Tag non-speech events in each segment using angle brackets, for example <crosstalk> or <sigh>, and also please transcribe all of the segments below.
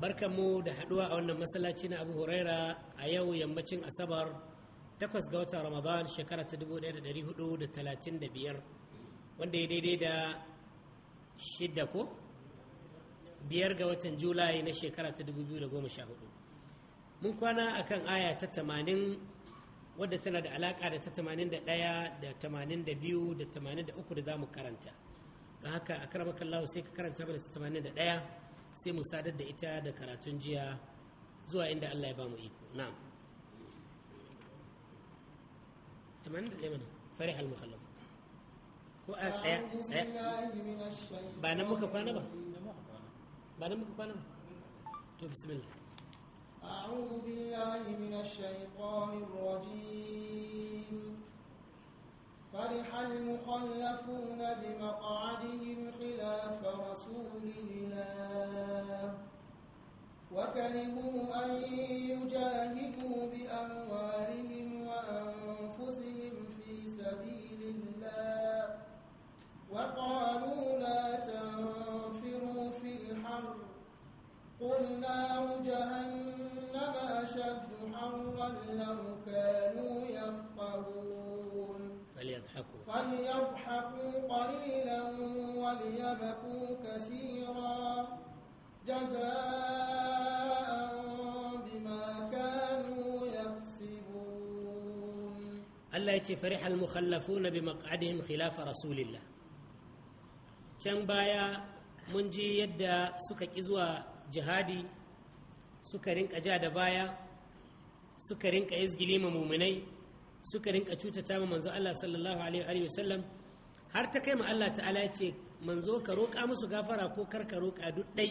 barkan mu da haduwa a wannan masallaci na abu huraira a yau yammacin asabar 8 ga watan ramadan shekara ta 1435 wanda ya daidai da shidda ko biyar ga watan julai na shekara ta 2014 mun kwana a kan aya ta 80 wadda tana da alaka da ta 81 da 82 da 83 da za mu karanta don haka a karamakan sai ka karanta mana ta 81 sai mu sadar da ita da karatun jiya zuwa inda Allah ya ba mu iko na'am 81 mana farih al-mukhallaf ko a tsaya tsaya ba nan muka kwana ba ba nan muka kwana ba to bismillah a'udhu billahi minash الشيطان الرجيم فرح المخلفون بمقعدهم خلاف رسول الله وكرهوا جزاء بما كانوا يكسبون الله يتي فرح المخلفون بمقعدهم خلاف رسول الله can baya mun ji yadda suka ƙi zuwa jihadi suka rinka ja da baya suka rinka izgili suka rinka cutata ma manzo Allah sallallahu alaihi wa sallam har ta kai ma Allah ta'ala ce manzo ka roƙa musu gafara ko kar ka roƙa duk ɗai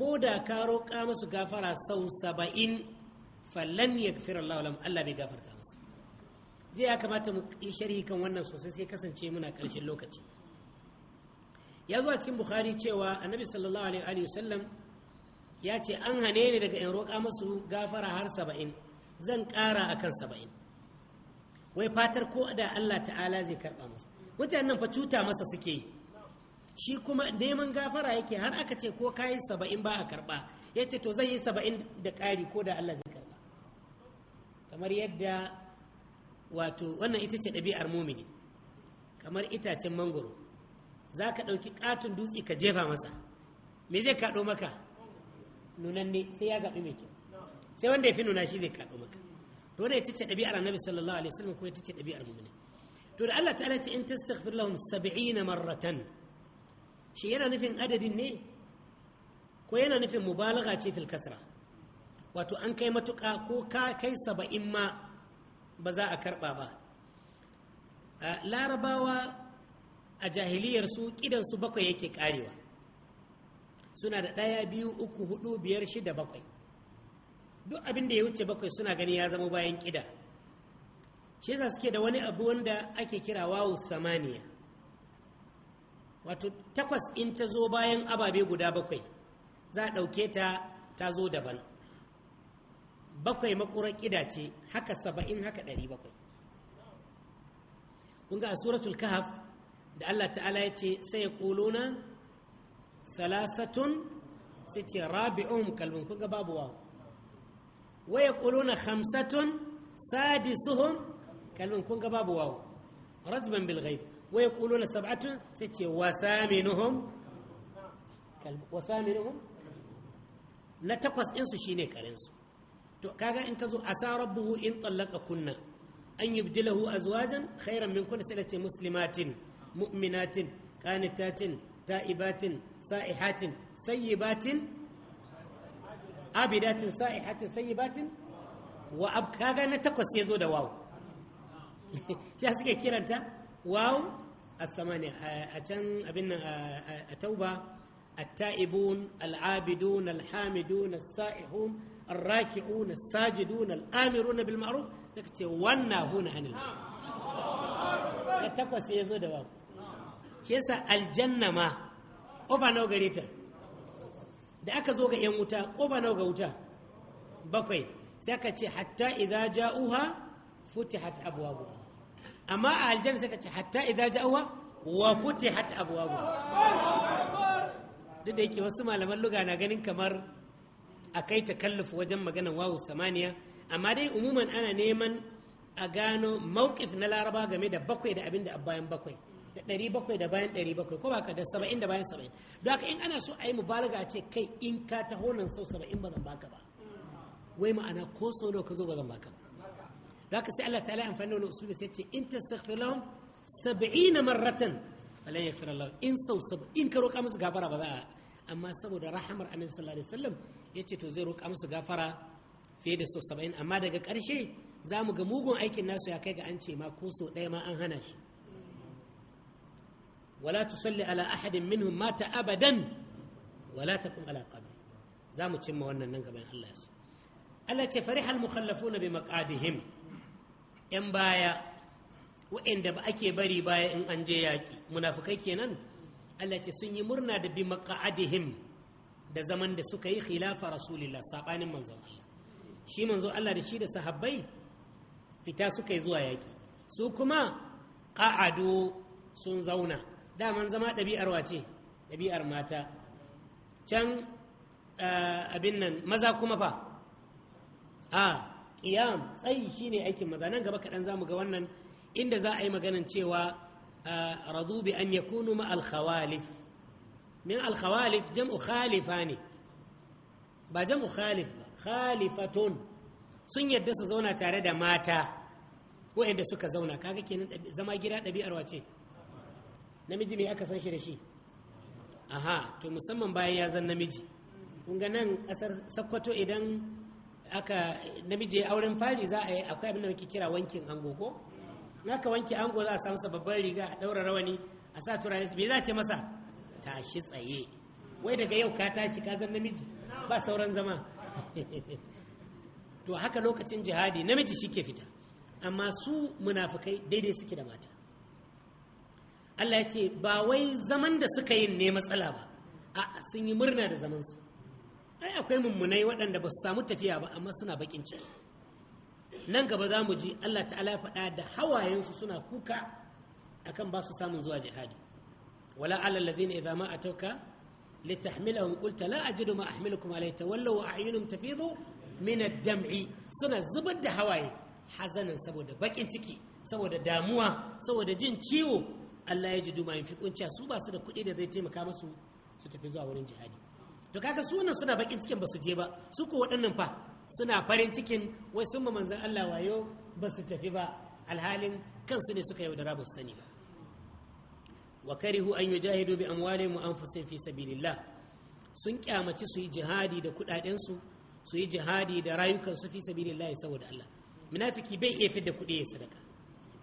ko da ka roƙa musu gafara sau saba'in fallan ya fi Allah lam Allah bai gafarta musu zai ya kamata mu yi sharhi kan wannan sosai sai kasance muna ƙarshen lokaci ya zuwa cikin bukhari cewa annabi sallallahu alaihi wa ya ce an hane ne daga in roƙa masu gafara har saba'in zan ƙara a kan saba'in wai fatar ko da Allah ta'ala zai karɓa masa mutanen fa cuta masa suke yi shi kuma neman gafara yake har aka ce ko kayi saba'in ba a karba ya ce to zan yi saba'in da ƙari ko da Allah zai karba. kamar yadda wato wannan ita ce ɗabi'ar mumini kamar itacen mangoro za ka ɗauki ƙaton dutse ka jefa masa me zai kaɗo maka ne sai ya zaɓi mai kyau sai wanda ya fi nuna shi zai kaɗo maka to wannan ita ce ɗabi'ar annabi sallallahu alaihi wasallam ko ita ce ɗabi'ar mumini to da Allah ta'ala ce in tastaghfir lahum 70 marratan shi yana nufin adadin ne ko yana nufin mubalaga ce fil kasra wato an kai matuƙa ko ka kai saba'in ma ba za a karɓa ba larabawa a jahiliyar su jahiliyarsu su bakwai yake ƙarewa suna da ɗaya biyu uku hudu biyar shida bakwai duk abin da ya wuce bakwai suna gani ya zama bayan ƙida shi yasa suke da wani abu wanda ake kira wawu samaniya wato takwas in ta zo bayan ababe guda bakwai za a ɗauke ta ta zo daban bakwai makurar ƙida ce haka saba'in haka ɗari bakwai kunga a suratul kahaf da allah ta'ala ya ce sai ƙuluna salasatun sai ce rabi'un kalbin kunga babu wa waya ƙuluna hamsatun sadisuhun kalbin kunga babu wa rajban bilghaib wa yaquluna sab'atun sai ce wasaminuhum wasaminuhum na takwas din su shine karen su to kaga in ka zo asa rabbuhu in tallaka kunna an yubdilahu azwajan khairan min kunna sai ce muslimatin mu'minatin qanitatin ta'ibatin sa'ihatin sayyibatin abidatin sa'ihatin sayyibatin wa kaga na takwas ya zo da wawu <laughs> ya suke kiranta wawu as-samani a can abin nan a tauba التائبون العابدون الحامدون السائحون الراكعون الساجدون الآمرون بالمعروف تكتي والناهون عن المنكر تكوى سيزو دواب كيسا الجنة ما قبا نوغا ريتا da aka zo ga ‘yan wuta ko ba nawa ga wuta bakwai sai aka ce hatta idza ja'uha futihat abwabuha amma a aljanna suka ce hatta idan uwa wa futihat abwabu duk da yake wasu malaman luga na ganin kamar a kai ta takalluf wajen maganar wawu samaniya amma dai umuman ana neman a gano mawqif na laraba game da bakwai da abin da bayan bakwai da ɗari bakwai da bayan ɗari bakwai ko baka da saba'in da bayan saba'in don haka in ana so a yi mubalaga a ce kai in ka taho nan sau saba'in ba zan baka ba wai ma'ana ko sau nawa ka zo ba zan baka ba ذاك سأل الله تعالى عن فنه الأسلوب سيتشي إن تستغفر لهم سبعين مرة فلن يغفر الله إن سو سب إن كروك أمس غفرة بذا أما سبو دا رحمر النبي صلى الله عليه وسلم يتشي توزي روك أمس غفرة في دا سو سبعين أما دا كارشي زامو غموغون أيكي الناس يا كيغا أنشي ما كوسو دايما أنهنش ولا تصلي على أحد منهم مات أبدا ولا تكن على قبره زامو تشمو أن ننقبين الله يسو التي فرح المخلفون بمقعدهم 'yan baya waɗanda ba ake bari baya in an je yaƙi munafukai kenan Allah ce sun yi murna da bi maka'adihim da zaman da suka yi khilafa rasulillah saɓanin manzon Allah shi manzon Allah da shi da sahabbai fita suka yi zuwa yaƙi su kuma ƙa'ado sun zauna daman zama ɗabi'ar wace ɗabi'ar mata can eh, abin nan maza kuma fa a ah, qiyam tsayi shine aikin maza nan gaba kaɗan zamu ga wannan inda za a yi maganan cewa radu bi an yakunu ma al khawalif min al khawalif jam'u khalifa ne ba jam'u khalif ba khalifatun sun yadda su zauna tare da mata inda suka zauna kaga kenan zama gida ɗabi'ar wace namiji ne aka san shi da shi aha to musamman bayan ya zan namiji kun ga nan ƙasar sakkwato idan aka namiji ya auren fari za a yi akwai abin da muke kira wankin ango ko naka wanke ango za a samu babban riga a daura rawani a sa turare me za ce masa tashi tsaye wai daga yau ka tashi ka zan namiji ba sauran zama <laughs> to haka lokacin jihadi namiji shi ke fita amma su munafukai daidai suke da mata Allah ya ce ba wai zaman da suka yi ne matsala ba a sun yi murna da zaman su ai akwai mummunai waɗanda ba su samu tafiya ba amma suna bakin ciki nan gaba za mu ji Allah ta'ala faɗa da hawayensu suna kuka akan ba su samun zuwa jihadi wala alal ladina idza ma atauka litahmilahum qulta la ajidu ma ahmilukum alayhi tawallaw wa a'yunum tafidu min ad-dam'i suna zubar da hawaye hazanan saboda bakin ciki saboda damuwa saboda jin ciwo Allah ya ji duma yin fi kunciya su ba su da kuɗi da zai taimaka musu su tafi zuwa wurin jihadi to kaga sunan suna bakin cikin ba su je ba su ko waɗannan fa suna farin cikin wai sun ma manzan Allah wayo ba su tafi ba alhalin kansu ne suka yaudara ba su sani ba wa karihu an yujahidu bi amwalihim wa anfusihim fi sabilillah sun kyamaci su yi jihadi da kudaden su su yi jihadi da rayukan su fi sabilillah saboda Allah munafiki bai iya fitar da kuɗi ya sadaka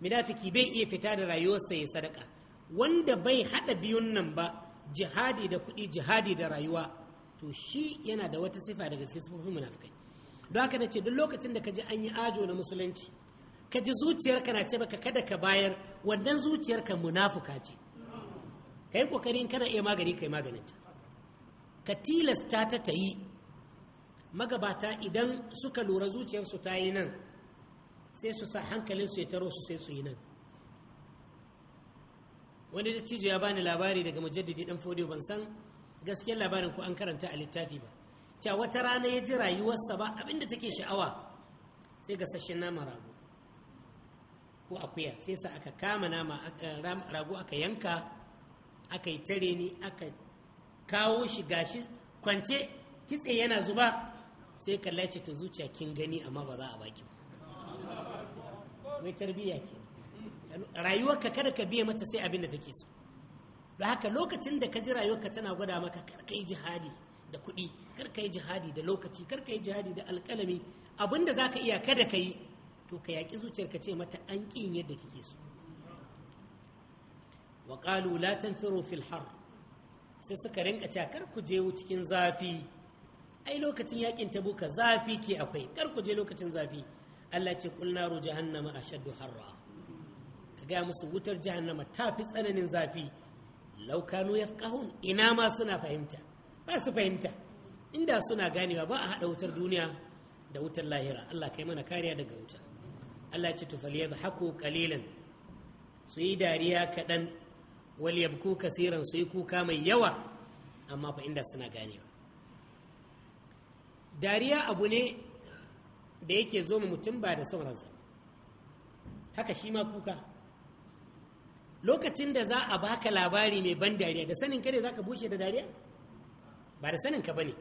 munafiki bai iya fita da rayuwarsa ya sadaka wanda bai hada biyun nan ba jihadi da kuɗi jihadi da rayuwa to shi yana da wata sifa daga cikin sifofin munafikai don haka na ce duk lokacin da ka ji an yi ajo na musulunci ka ji zuciyarka na ce baka kada ka bayar wannan zuciyarka munafuka ce Ka kai kokarin kana iya magani ka yi maganin ta ka tilasta ta ta yi magabata idan suka lura zuciyarsu ta yi nan sai su sa hankalin su ya taro su sai su yi nan wani da ya bani labari daga mujaddidi dan fodiyo ban san gaskiyar labarin ko an karanta a littafi ba ta wata rana ya ji rayuwarsa ba abinda take sha'awa sai sashen nama rago ko akuya sai sa aka kama nama rago aka yanka aka yi tare ni aka kawo shi gashi kwance kitse yana zuba sai kalla ce ta zuciya kin gani amma ba za a baki mai tarbiyya ke rayuwarka kada ka biya mata sai abin da take so don haka lokacin da ka ji rayuwarka tana gwada maka karkai jihadi da kuɗi karkai jihadi da lokaci karkai jihadi da alƙalami abinda za ka iya kada ka yi to ka yaƙi zuciyar ka ce mata an ƙin yadda kake so wa ƙalu la tanfiru fil har sai suka rinka cewa kar ku je cikin zafi ai lokacin yaƙin ta tabuka zafi ke akwai kar ku je lokacin zafi Allah ce kul naru jahannama ashaddu harra ka ga musu wutar jahannama ta fi tsananin zafi laukanu ya ina ma suna fahimta ba su fahimta inda suna ganewa ba a haɗa wutar duniya da wutar lahira Allah kai mana kariya daga wuta Allah ce tufali ya haku kalilan su yi dariya kaɗan wal yabku kasiran su yi kuka mai yawa amma fa inda suna ganewa dariya abu ne da yake zo mutum ba da son ransa haka shi ma kuka lokacin da za a baka labari mai ban dariya da sanin kare ne za ka bushe da dariya ba da sanin ka ba ne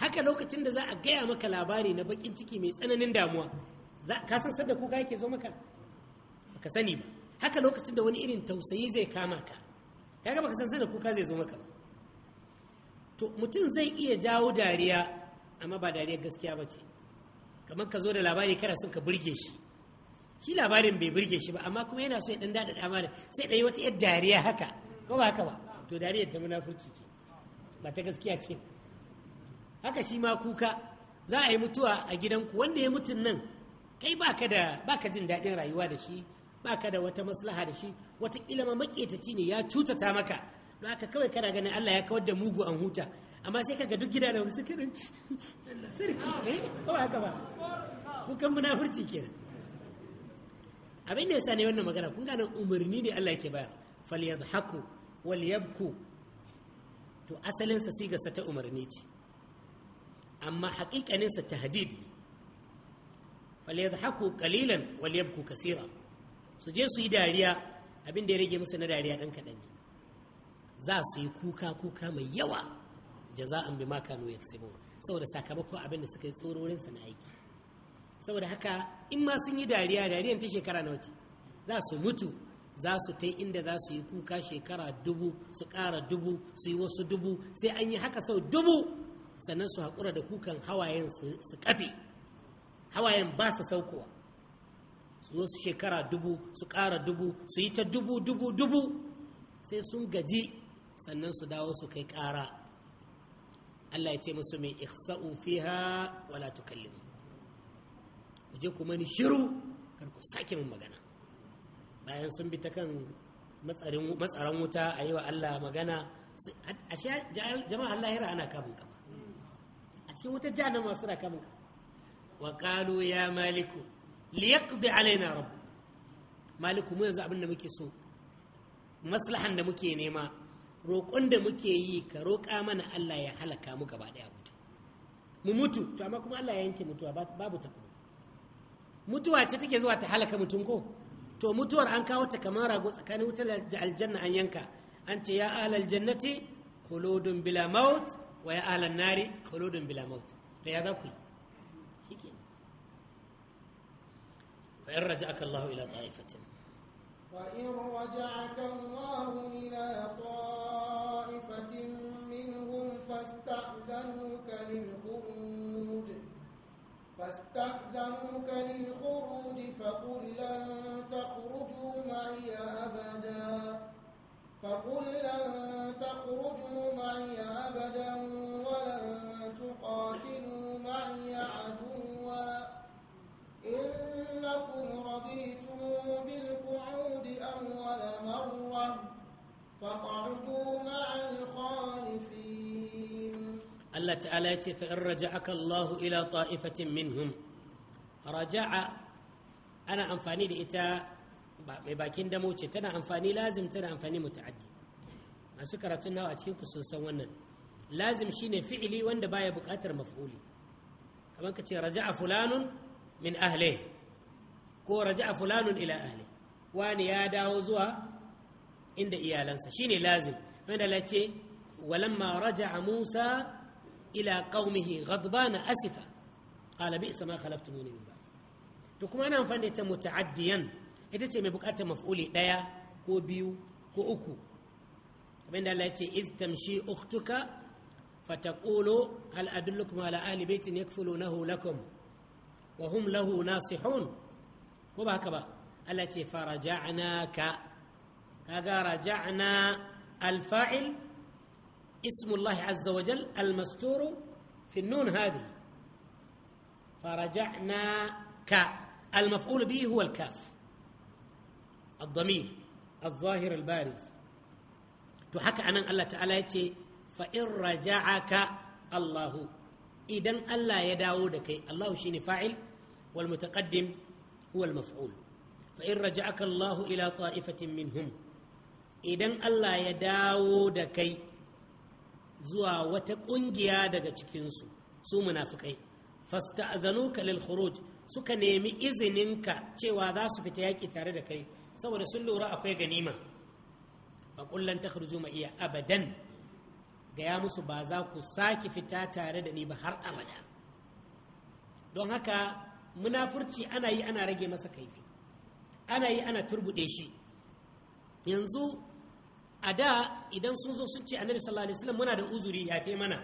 haka lokacin da za a gaya maka labari na bakin ciki mai tsananin damuwa ka san sadda kuka yake zo maka ka sani ba haka lokacin da wani irin tausayi zai kama ka gaba ka san sadda kuka zai zo maka ba to mutum zai iya jawo dariya amma ba dariya gaskiya ba ce kamar ka zo da labari kana son ka burge shi shi labarin bai burge shi ba amma kuma yana so ya dan dada ne sai dai wata yar dariya haka ko ba haka ba to dariyar ta munafurci ce ba ta gaskiya ce haka shi ma kuka za a yi mutuwa a gidanku wanda ya mutun nan kai baka da baka jin daɗin rayuwa da shi baka da wata maslaha da shi wata ma maƙetaci ne ya cutata maka don haka kawai kana ganin Allah ya kawar da mugu an huta amma sai kaga duk gida da wasu kirin <laughs> sarki eh ko haka ba kukan munafurci kenan abin da yasa ne wannan magana kun gane umarni ne Allah yake bayar fal falyadhaku walyabku to asalin sa siga sa ta umarni ce amma haƙiƙanin sa tahdid ne falyadhaku qalilan walyabku kaseera su je su yi dariya abin da ya rage musu na dariya dan kaɗan ne za su yi kuka kuka mai yawa jaza'an bima kanu yaksibun saboda sakamakon abin da suka yi tsororin sa na aiki saboda haka in ma sun yi dariya dariyan ta shekara na wace za su mutu za su ta inda za su yi kuka shekara dubu su ƙara dubu su yi wasu dubu sai an yi haka sau dubu sannan su haƙura da kukan hawayen su kafe hawayen ba su saukowa su wasu shekara dubu su ƙara dubu su yi ta dubu dubu dubu sai sun gaji sannan su dawo su kai ƙara Allah ya ce musu mai ihsa'u fiha wala tukallimu ku je ku mani shiru kar ku sake min magana bayan sun bi ta kan matsaran wuta a yi wa Allah magana a jama'a lahira ana kamun kama a cikin wata jana masu suna kamun kama wa qalu ya maliku yaqdi alaina rabb maliku mu yanzu abin da muke so maslahan da muke nema roƙon da muke yi ka roƙa mana Allah ya halaka mu gaba daya wuta mu mutu to amma kuma Allah ya yanke mutuwa babu tafi mutuwa ce take zuwa ta halaka mutum ko to mutuwar an kawo ta kamar rago tsakanin wutar aljanna an yanka an ce ya alal jannati khuludun bila maut wa ya alal nari khuludun bila maut da ya za ku yi fa in raja'aka Allah ila ta'ifatin fa in raja'aka Allah ila ta'ifatin minhum fasta'dhanuka lil khuruj فاستأذنوك للخروج فقل لن تخرجوا معي أبدا فقل لن تخرجوا معي أبدا ولن تقاتلوا معي عدوا إنكم رضيتم بالقعود أول مرة فاقعدوا Allah ta'ala ya ce aka raja'aka Allahu ila ta'ifatin minhum raja'a ana amfani da ita mai bakin damo ce tana amfani lazim tana amfani muta'addi masu karatun nawa a cikin ku sun san wannan lazim shine fi'ili wanda baya buƙatar maf'uli kamar ka ce raja'a fulanun min ahle ko raja'a fulanun ila ahle wani ya dawo zuwa inda iyalansa shine lazim wanda la ce walamma raja'a Musa إلى قومه غضبان أسفا قال بئس ما خلفتموني من بعد تكما نعم فانت متعديا إذا تي مبكاة مفعولي دايا كو بيو كو أكو فإن الله إذ تمشي أختك فتقول هل أدلكم على أهل بيت يكفلونه لكم وهم له ناصحون كو بهكبا التي فرجعناك هذا رجعنا الفاعل اسم الله عز وجل المستور في النون هذه فرجعنا ك المفعول به هو الكاف الضمير الظاهر البارز تحكى عن الله تعالى يتي فإن رجعك الله إذن الله يداودك الله شيني فاعل والمتقدم هو المفعول فإن رجعك الله إلى طائفة منهم إذن الله يداودك zuwa wata ƙungiya daga cikinsu su a zanu lil khuruj suka nemi izininka cewa za su fita yaƙi tare da kai saboda sun lura akwai ganima fa kullan takhruju ma iya abadan gaya musu ba za ku sake fita tare da ni ba har abada don haka munafurci ana yi ana rage masa kaifi ana yi ana turbuɗe shi yanzu a da idan sun zo sun ce annabi sallallahu alaihi wasallam muna da uzuri ya fi mana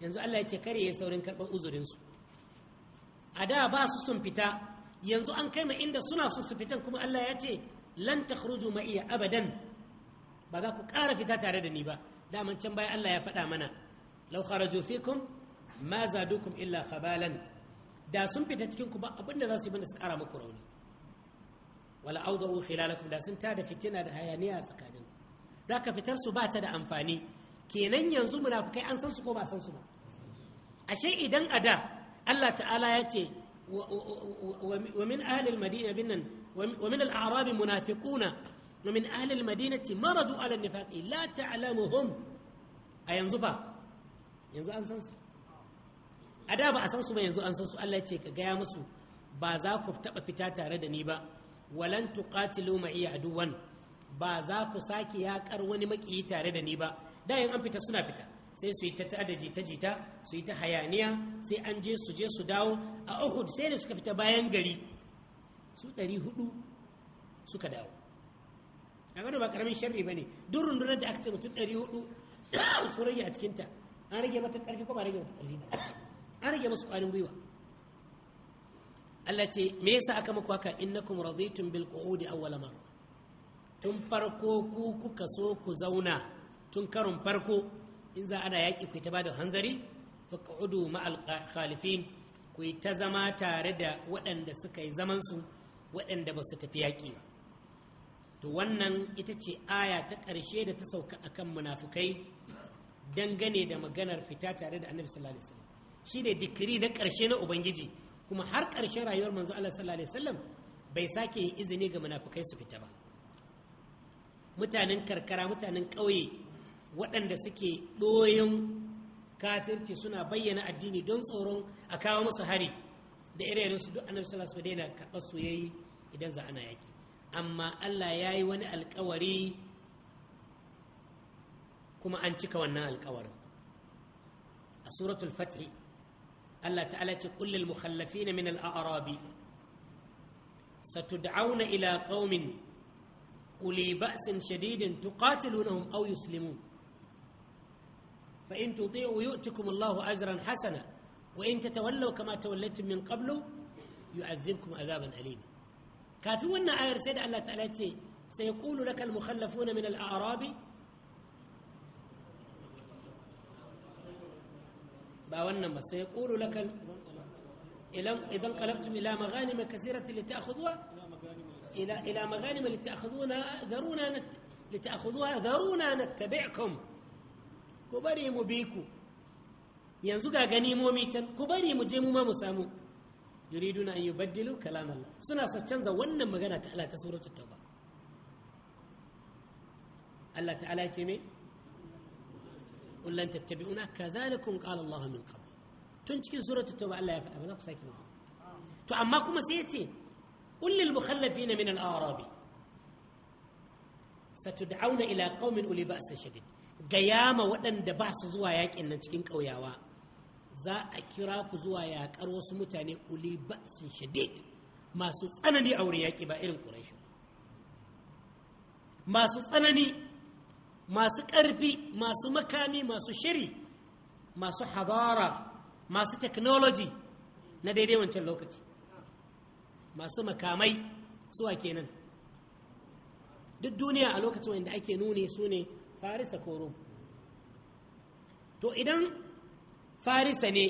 yanzu Allah ya ce kare ya saurin karɓar uzurinsu a da ba su sun fita yanzu an kai ma inda suna su su fitan kuma Allah ya ce lan takhruju ma iya abadan ba za ku ƙara fita tare da ni ba daman can baya Allah ya faɗa mana law kharaju fikum ma zadukum illa khabalan da sun fita cikin ku ba abin da za su yi bane su ƙara muku rauni wala awdahu khilalakum da sun tada fitina da hayaniya tsakanin da ka fitar su ba ta da amfani kenan yanzu munafukai an san su ko ba san su ba ashe idan a da Allah ta'ala ya ce wa min ahlil madina binnan wa min al-a'rab munafiquna wa min ahlil madinati maradu ala an-nifaq la ta'lamuhum a yanzu ba yanzu an san su a da ba a san su ba yanzu an san su Allah ya ce ka gaya musu ba za ku taɓa fita tare da ni ba walan tuqatilu ma'iya aduwan ba za ku sake yakar wani makiyi tare da ni ba da yin an fita suna fita sai su yi ta tada jita jita su yi ta hayaniya sai an je su je su dawo a Uhud sai da suka fita bayan gari su ɗari hudu suka dawo a gano ba karamin sharri ba ne duk rundunar da aka ce mutum ɗari hudu <coughs> su rage a cikinta an rage mata ƙarfi kuma ba rage mata ƙarfi ba an rage masu ƙwarin gwiwa Allah ce me yasa aka muku haka innakum raditum bil qu'udi awwala marra tun farko ku kuka so ku zauna tun karon farko in za ana yaƙi ku ta ba da hanzari faƙa'udu ma'al khalifin ku yi ta zama tare da waɗanda suka yi zamansu waɗanda ba su tafi yaƙi ba to wannan ita ce aya ta ƙarshe da ta sauka a kan munafukai dangane da maganar fita tare da annabi sallallahu alaihi wasallam ne dikiri na ƙarshe na ubangiji kuma har ƙarshen rayuwar manzo Allah sallallahu alaihi wasallam bai sake yin izini ga munafukai su fita ba mutanen karkara mutanen ƙauye waɗanda suke ɗoyin kafirci suna bayyana addini don tsoron a kawo musu hari da irin su duk annabi sallallahu alaihi wasallam karɓar su yayi idan za ana yaki amma Allah ya yi wani alkawari kuma an cika wannan alkawarin a suratul fath Allah ta'ala ce kullil mukhallafina min al-a'rabi satud'auna ila qaumin أولي بأس شديد تقاتلونهم أو يسلمون فإن تطيعوا يؤتكم الله أجرا حسنا وإن تتولوا كما توليتم من قبل يعذبكم عذابا أليما كافونا آية آير سيد الله تعالى سيقول لك المخلفون من الأعراب باونا سيقول لك إذا انقلبتم إلى مغانم كثيرة لتأخذوها إلى إلى مغانم لتأخذونها ذرونا نت... لتأخذوها ذرونا نتبعكم كبري مبيكو ينزقا غنيمو ميتن كبري مجيمو ما مسامو يريدون أن يبدلوا كلام الله سنة ستنزا ونن مغانا تعالى تسورة التوبة الله تعالى يتمي قل لن تتبعونا كذلكم قال الله من قبل تنشكي سورة التوبة الله يفعل أبدا بسيكنا تو أما كما سيتي قل للمخلفين من الأعراب ستدعون إلى قوم أولي بأس شديد قيامة وأن دباس زواياك إن تكين قوياوا za a kira ku zuwa yaƙar wasu mutane uli ba'sin shadid masu tsanani aure wurin yaƙi ba irin ƙurashi masu tsanani masu ƙarfi masu makami masu shiri masu habara masu technology na daidai wancan lokaci masu makamai suwa kenan duk duniya a lokacin wanda ake nuni su ne farisa ko rum to idan farisa ne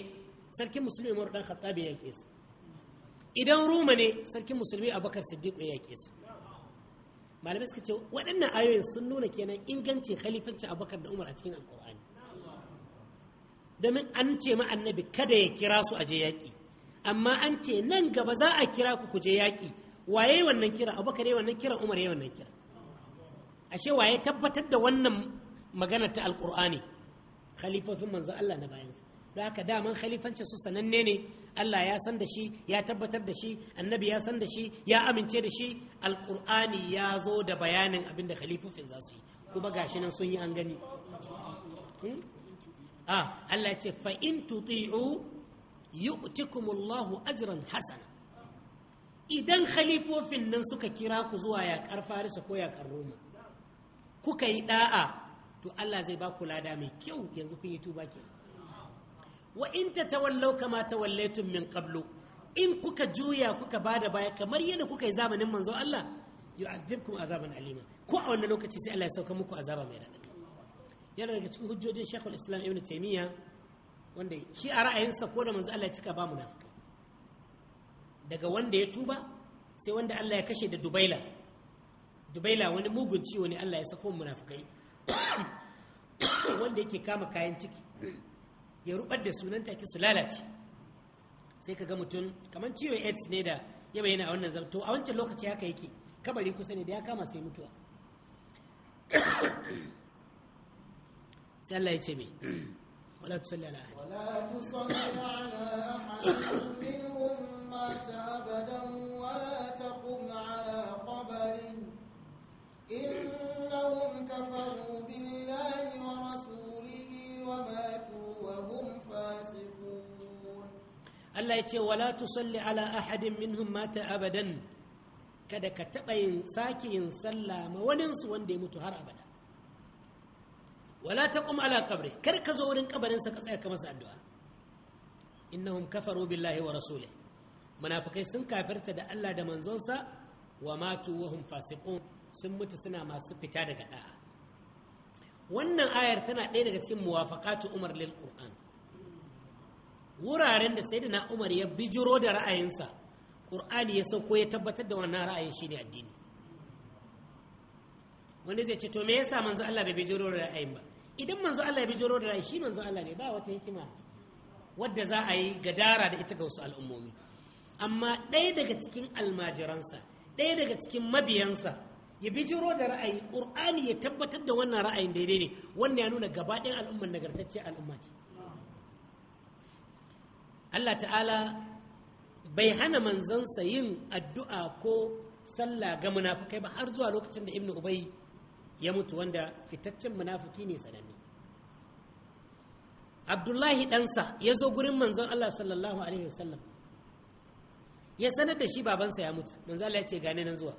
sarkin musulmi umar dan khattabi ya su idan ruma ne sarkin musulmi abubakar siddiq ya su malamai suka ce waɗannan ayoyin sun nuna kenan ingancin khalifancin abubakar da umar a cikin alkur'ani domin an ce ma annabi kada ya kira su a je yaƙi amma an ce nan gaba za a kira ku kuje yaƙi waye wannan kira abubakar yayi wannan kira umar yayi wannan kira ashe waye tabbatar da wannan magana ta alqur'ani khalifofin manzo Allah na bayan bayansa don haka daman khalifanci su sananne ne Allah ya san da shi ya tabbatar da shi annabi ya san da shi ya amince da shi alqur'ani ya zo da bayanin abin da khalifofin za su yi kuma gashi nan sun yi an gani hmm? a ah, Allah ce fa in tuti'u yu'tikumullahu ajran hasana idan khalifofin nan suka kira ku zuwa yaƙar farisa ko yaƙar roma kuka yi ɗa'a to allah zai ba ku lada mai kyau yanzu kun yi tuba ke wa in ta tawallau kama tawallaitum min qablu in kuka juya kuka da baya kamar yadda kuka yi zamanin manzo allah yu'adhibkum azaban alima ko a wannan lokaci sai allah ya sauka muku azaba mai raɗaɗi yana daga cikin hujjojin shekul islam ibn taimiyya wanda shi a ra'ayinsa ko da manzo Allah ya cika ba munafiki daga wanda ya tuba sai wanda Allah ya kashe da dubaila dubaila wani mugun ciwo ne Allah ya sako munafikai wanda yake kama kayan ciki ya rubar da sunan take su lalace sai ka ga mutum kamar ciwo aids ne da ya bayyana a wannan zato. a wancan lokaci haka yake kabari kusa ne da ya kama sai mutuwa sai Allah ya ce mai ولا تصلي على أحد ولا تصلي على أحد منهم مات أبدا ولا تقم على قبر إنهم كفروا بالله ورسوله وماتوا وهم فاسقون الله يتي ولا تصلي على أحد منهم مات أبدا kada ka taɓa yin sake yin sallah ma waninsu wanda ya mutu har abada wala ta ala qabri kar ka zo wurin kabarin sa ka tsaya ka masa addu'a innahum kafaru billahi wa rasulih munafikai sun kafirta da Allah da manzonsa wa matu wa hum fasiqun sun mutu suna masu fita daga da'a wannan ayar tana ɗaya daga cikin muwafaqatu umar lil qur'an wuraren da sayyidina umar ya bijiro da ra'ayinsa qur'ani ya sauko ya tabbatar da wannan ra'ayin shine addini wanda zai ce to me yasa manzo Allah bai bijiro da ra'ayin ba idan manzo Allah ya bijiro da rai shi manzo Allah ne ba wata hikima wadda za a yi gadara da ita ga wasu al'ummomi amma ɗaya daga cikin almajiransa ɗaya daga cikin mabiyansa ya bijiro da ra'ayi ƙur'ani ya tabbatar da wannan ra'ayin daidai ne wannan ya nuna gaba ɗayan al'umman nagartacce al'umma ce Allah ta'ala bai hana manzansa yin addu'a ko sallah ga munafukai ba har zuwa lokacin da ibnu ubai ya mutu wanda fitaccen munafiki ne sananne abdullahi ɗansa ya zo gurin manzon allah sallallahu alaihi wasallam ya sanar da shi babansa ya mutu manzon allah ya ce gane nan zuwa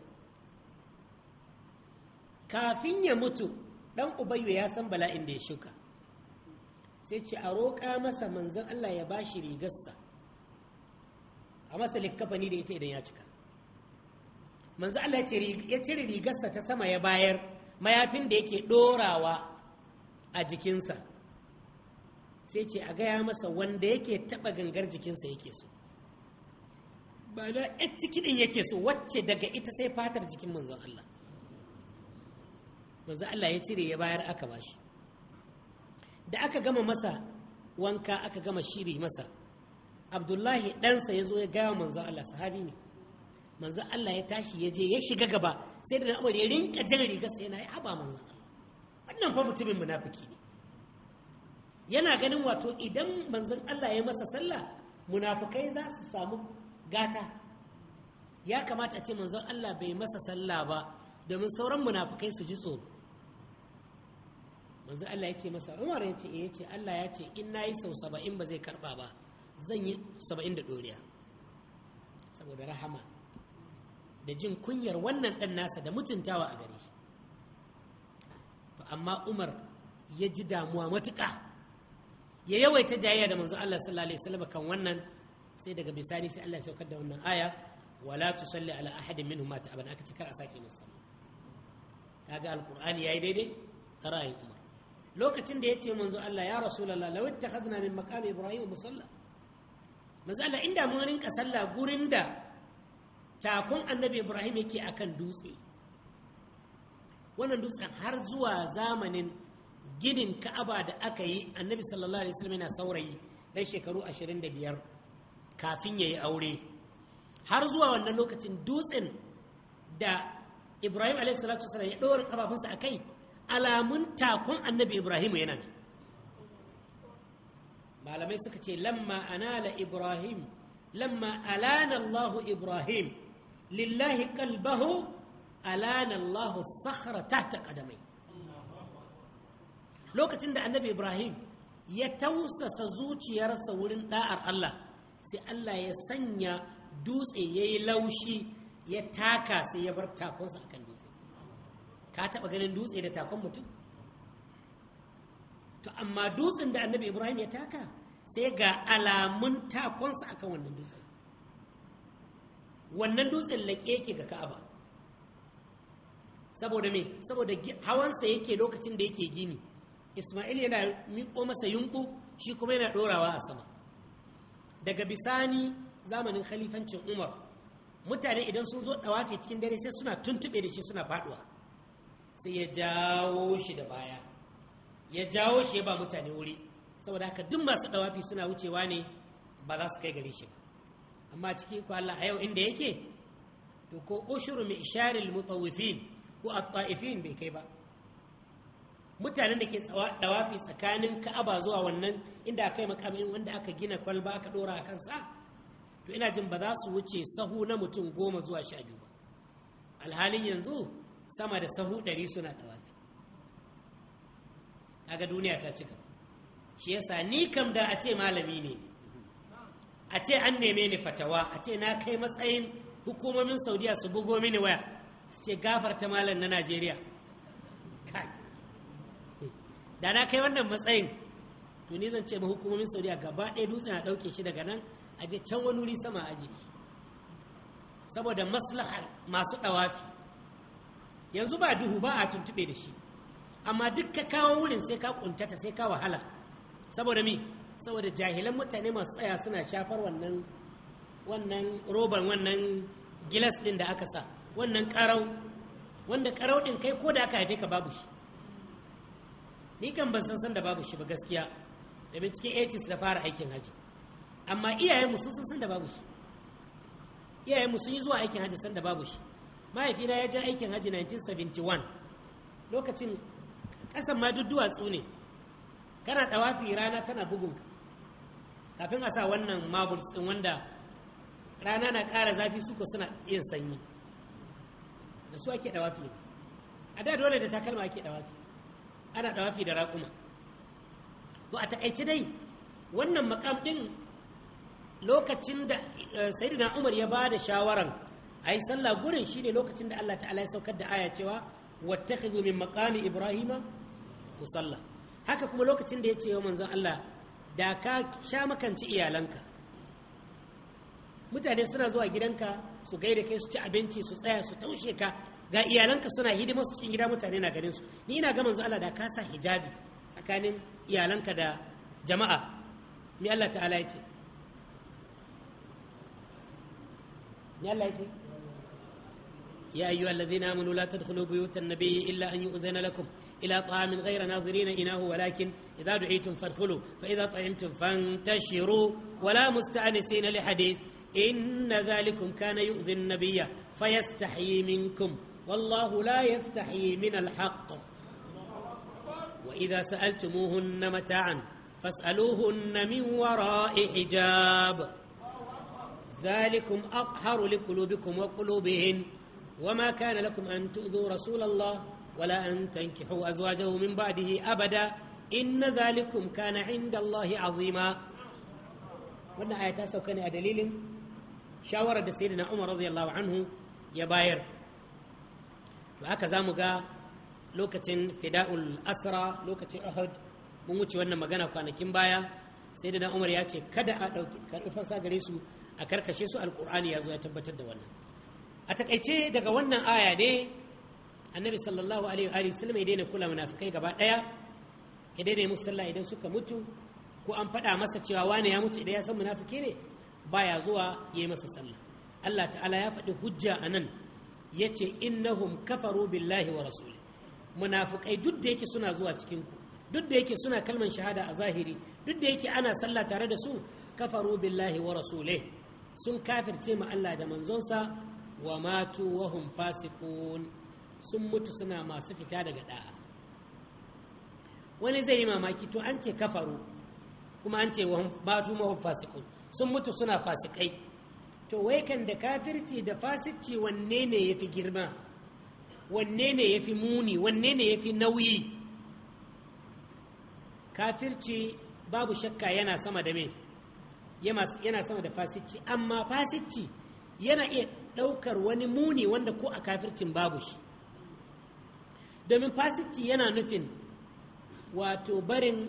kafin ya mutu ɗan ubayyu ya san bala'in da ya shuka sai ce a roƙa masa manzon allah ya ba shi rigarsa a masa likkafani da ita idan ya cika manzo Allah ya cire rigarsa ta sama ya bayar mayafin da yake ɗorawa a jikinsa sai ce a gaya masa wanda yake taɓa gangar jikinsa yake so ba na ciki ɗin yake so wacce daga ita sai fatar jikin manzon Allah manzon Allah ya cire ya bayar aka bashi da aka gama masa wanka aka gama shiri masa abdullahi ɗansa ya zo ya gaya manzon Allah sahabi ne manzon Allah ya tashi ya je ya shiga gaba sai da Umar ya rinka jan rigar sai yi aba manzon Allah wannan fa mutumin munafiki ne yana ganin wato idan manzan Allah ya masa sallah munafikai za su samu gata ya kamata a ce manzan Allah bai masa sallah ba domin sauran munafikai su ji tsoro manzan Allah ya ce masa Umar ya ce eh, ya ce Allah ya ce in yi sau saba'in ba zai karba ba zan yi saba'in da doriya saboda rahama da jin kunyar wannan ɗan nasa da mutuntawa a gari. to amma umar ya ji damuwa matuƙa ya yawaita jayayya da manzo Allah sallallahu alaihi wasallam kan wannan sai daga bisani sai Allah ya saukar da wannan aya wala tusalli ala ahadin minhum mata abana aka ce kar a sake musu sallah kaga alqur'ani yayi daidai ra'ayin umar lokacin da yace manzo Allah ya rasulullah law ittakhadna min maqami ibrahim musalla manzo Allah inda mun rinka sallah gurin da takun annabi ibrahim yake akan dutse wannan dutsen har zuwa zamanin ginin ka'aba da aka yi annabi sallallahu alaihi wasallam yana saurayi dan shekaru 25 kafin ya yi aure har zuwa wannan lokacin dutsen da ibrahim alaihi salatu wasallam ya ɗora kafafunsa a kai alamun takon annabi ibrahim yana nan malamai suka ce lamma anala ibrahim lamma alana allahu ibrahim lillahi qalbahu alana Allahu sakhra tahta lokacin da annabi Ibrahim ya tausasa zuciyarsa wurin da'ar Allah sai Allah ya sanya dutse yayi laushi ya taka sai ya bar takonsa akan dutse ka taba ganin dutse da takon mutum to amma dutsen da annabi Ibrahim ya taka sai ga alamun takonsa akan wannan dutsen wannan dutsen laƙe yake ga ka'aba saboda me saboda hawansa yake lokacin da yake gini isma'il yana miƙo masa yunƙu shi kuma yana ɗorawa a sama daga bisani zamanin khalifancin umar mutane idan sun zo ɗawafi cikin dare sai suna tuntuɓe da shi suna faɗuwa sai ya jawo shi da baya ya jawo shi ya ba mutane wuri saboda haka duk masu ɗawafi suna wucewa ne ba za su kai gare shi ba amma cikin iko Allah a yau inda yake to ko ushuru mai isharil mutawifin ko at-ta'ifin bai kai ba mutanen da ke dawafi tsakanin ka'aba zuwa wannan inda aka yi makamin wanda aka gina kwalba aka dora a kansa to ina jin ba za su wuce sahu na mutum goma zuwa sha biyu ba alhalin yanzu sama da sahu ɗari suna dawafi kaga duniya ta cika shi yasa ni kam da a ce malami ne a ce an neme ni fatawa a ce na kai matsayin hukumomin saudiya su bugo mini waya su ce gafarta malam na najeriya da na kai wannan matsayin to zan ce ma hukumomin saudiya gaba ɗaya dutse a ɗauke shi daga nan a je can wani wuri sama a aje saboda maslahar masu ɗawafi yanzu ba duhu ba a tuntuɓe da shi amma duk ka kawo wurin sai ka kuntata sai ka wahala saboda mi saboda jahilan mutane masu tsaya suna shafar wannan wannan roban wannan gilas din da aka sa wannan karau wanda karau din kai ko da aka haife ka babu shi ni kan ban san san da babu shi ba gaskiya da cikin 80s da fara aikin haji amma iyayen mu sun san da babu shi iyayen mu sun yi zuwa aikin haji san da babu shi mahaifina ya je aikin haji 1971 lokacin kasan ma duk duwatsu ne kana ɗawafi rana tana bugun kafin a sa wannan marbles din wanda rana na ƙara zafi suko suna yin sanyi da su ake ɗawafi a da dole da takalma ake ɗawafi ana ɗawafi da raƙuma to a taƙaice dai wannan makam ɗin lokacin da eh, sayyidina umar ya ba da shawaran a yi sallah gurin shine lokacin da allah ta'ala ya saukar da aya cewa wattakhidhu min maqami ibrahima musalla haka kuma lokacin da ya ce wa manzon Allah da ka sha makanci iyalanka mutane suna zuwa gidanka su gaida kai su ci abinci su tsaya su taushe ka ga iyalanka suna hidima su cikin gida mutane na ganin su ni ina ga manzo Allah da ka sa hijabi tsakanin iyalanka da jama'a ni Allah ta'ala yace ni Allah yace ya ayyuhallazina amanu la tadkhulu buyutan nabiyyi illa an yu'zana lakum إلى طعام غير ناظرين إناه ولكن إذا دعيتم فادخلوا فإذا طعمتم فانتشروا ولا مستأنسين لحديث إن ذلكم كان يؤذي النبي فيستحيي منكم والله لا يستحيي من الحق وإذا سألتموهن متاعا فاسألوهن من وراء حجاب ذلكم أطهر لقلوبكم وقلوبهن وما كان لكم أن تؤذوا رسول الله ولا أن تنكحوا أزواجه من بعده أبدا إن ذلكم كان عند الله عظيما wannan aya ta sauka ne a dalilin shawarar da sayyidina Umar radiyallahu anhu ya bayar to haka zamu ga lokacin fida'ul asra lokacin Uhud mun wuce wannan magana kwanakin baya sayyidina Umar ya ce kada a dauki karbi fansa gare su a karkashe su alqur'ani ya zo ya tabbatar da wannan a takaice daga wannan aya ne annabi sallallahu alaihi wa sallam ya daina kula munafikai gaba daya ya daina musu sallah idan suka mutu ko an faɗa masa cewa wane ya mutu idan ya san munafiki ne baya zuwa ya yi masa sallah Allah ta'ala ya faɗi hujja a nan ya ce innahum kafaru billahi wa rasuli munafikai duk da yake suna zuwa cikin ku duk da yake suna kalman shahada a zahiri duk da yake ana sallah tare da su kafaru billahi wa rasulih sun kafirce ma Allah da manzonsa wa matu wa hum fasiqun sun mutu suna masu fita daga da'a wani zai yi mamaki to an ce kafaru kuma an ce batu mahu fasikun sun mutu suna fasikai to wai kan da kafirci da fasikci wanne ne ya fi girma wanne ne ya fi muni wanne ne ya fi nauyi kafirci babu shakka yana sama da me yana sama da fasici amma fasici yana iya ɗaukar wani muni wanda ko a kafircin babu shi domin fasiti yana nufin wato barin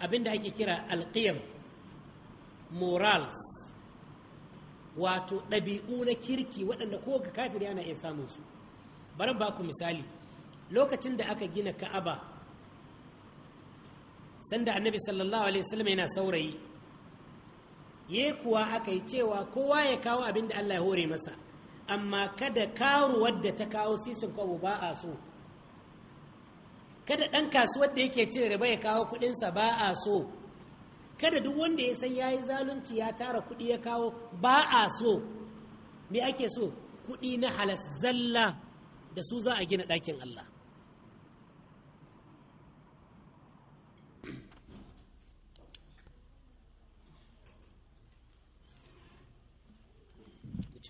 abin ake kira alƙiyar morals wato ɗabi'u na kirki waɗanda ko ga kafiri ana iya samun su Barin ba misali lokacin da aka gina ka'aba sanda annabi sallallahu alaihi wasallam yana saurayi ye kuwa aka yi cewa kowa ya kawo abin da Allah ya hore masa amma kada karuwar da ta kawo sisin kwabo ba a so kada ɗan kasuwar da yake cin riba ya kawo kuɗinsa ba a so kada duk wanda ya san ya yi zalunci ya tara kuɗi ya kawo ba a so me ake so kuɗi na halas zalla da su za a gina ɗakin Allah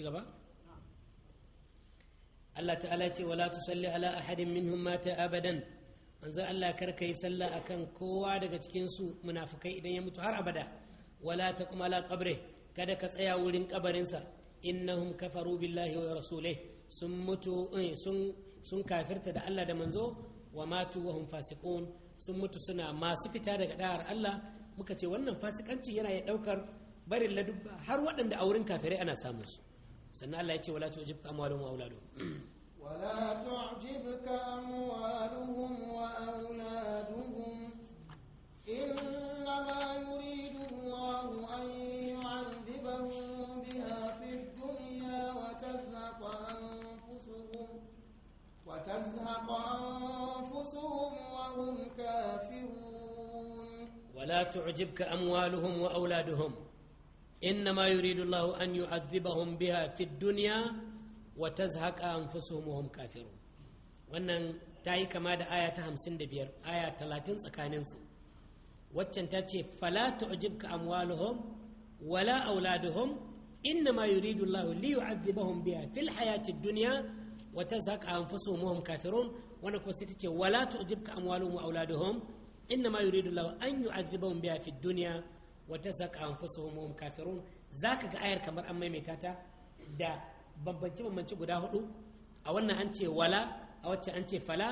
gaba Allah ta'ala ce wala tusalli ala ahadin minhum mata abadan manzon Allah kar ka yi sallah akan kowa daga cikin su munafikai idan ya mutu har abada wala taqum ala qabre kada ka tsaya wurin kabarinsa innahum kafaru billahi wa rasulih sun mutu eh, sun sun kafirta da Allah da manzo wa matu wa hum fasiqun sun mutu suna masu fita daga da'ar Allah muka ce wannan fasikanci yana ya daukar barin ladubba har waɗanda a wurin kafirai ana samun su sannan Allah ya ce wala tujib amwalum wa auladum ولا تعجبك أموالهم وأولادهم إنما يريد الله أن يعذبهم بها في الدنيا وتزهق أنفسهم وتزهق أنفسهم وهم كافرون ولا تعجبك أموالهم وأولادهم إنما يريد الله أن يعذبهم بها في الدنيا wa tazhaqa anfusuhum wa hum kafirun wannan ta yi kama da aya ta hamsin da biyar aya talatin tsakaninsu waccan ta ce fala tu'jibka amwaluhum wala auladuhum innama yuridu Allah li yu'adhibahum biha fil hayati dunya wa tazhaqa anfusuhum wa hum kafirun wannan kuma sai ta ce wala tu'jibka amwaluhum wa auladuhum innama yuridu Allah an yu'adhibahum biha fid dunya wa tazhaqa anfusuhum wa hum kafirun zaka ga ayar kamar an maimaita ta da bambance bambance guda hudu a wannan an ce wala a wacce an ce fala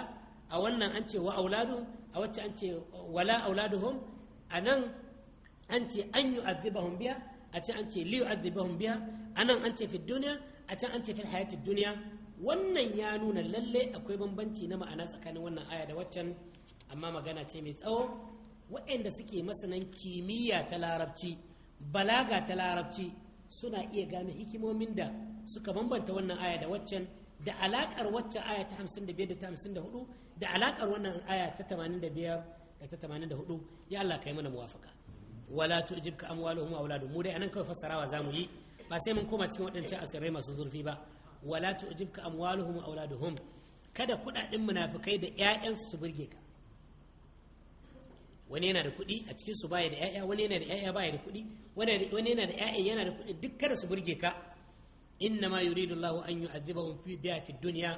a wannan an ce wa auladun a wacce an ce wala auladuhum a nan an ce an yi azibahun biya a can an ce liyu azibahun biya a nan an ce fi duniya a can an ce fi hayati duniya wannan ya nuna lalle akwai bambanci na ma'ana tsakanin wannan aya da waccan amma magana ce mai tsawo waɗanda suke masanan kimiyya ta larabci balaga ta larabci suna iya gane hikimomin da suka bambanta wannan aya da waccan da alakar waccan aya ta 55 da ta 54 da alakar wannan aya ta 85 da ta 84 ya Allah kai mana muwafaka wala tujibka amwaluhum awladuhum mu dai anan kawai fassarawa zamu yi ba sai mun koma cikin waɗancan asirai masu zurfi ba wala tujibka amwaluhum awladuhum kada kudaden munafikai da ƴaƴansu su burge ka wani yana da kuɗi a cikinsu baya da 'ya'ya wani yana da 'ya'ya baya da kuɗi wani yana da 'ya'ya yana da kuɗi duk kada su burge ka inna ma yuridu Allah an yu'adhibahum fi biya fi dunya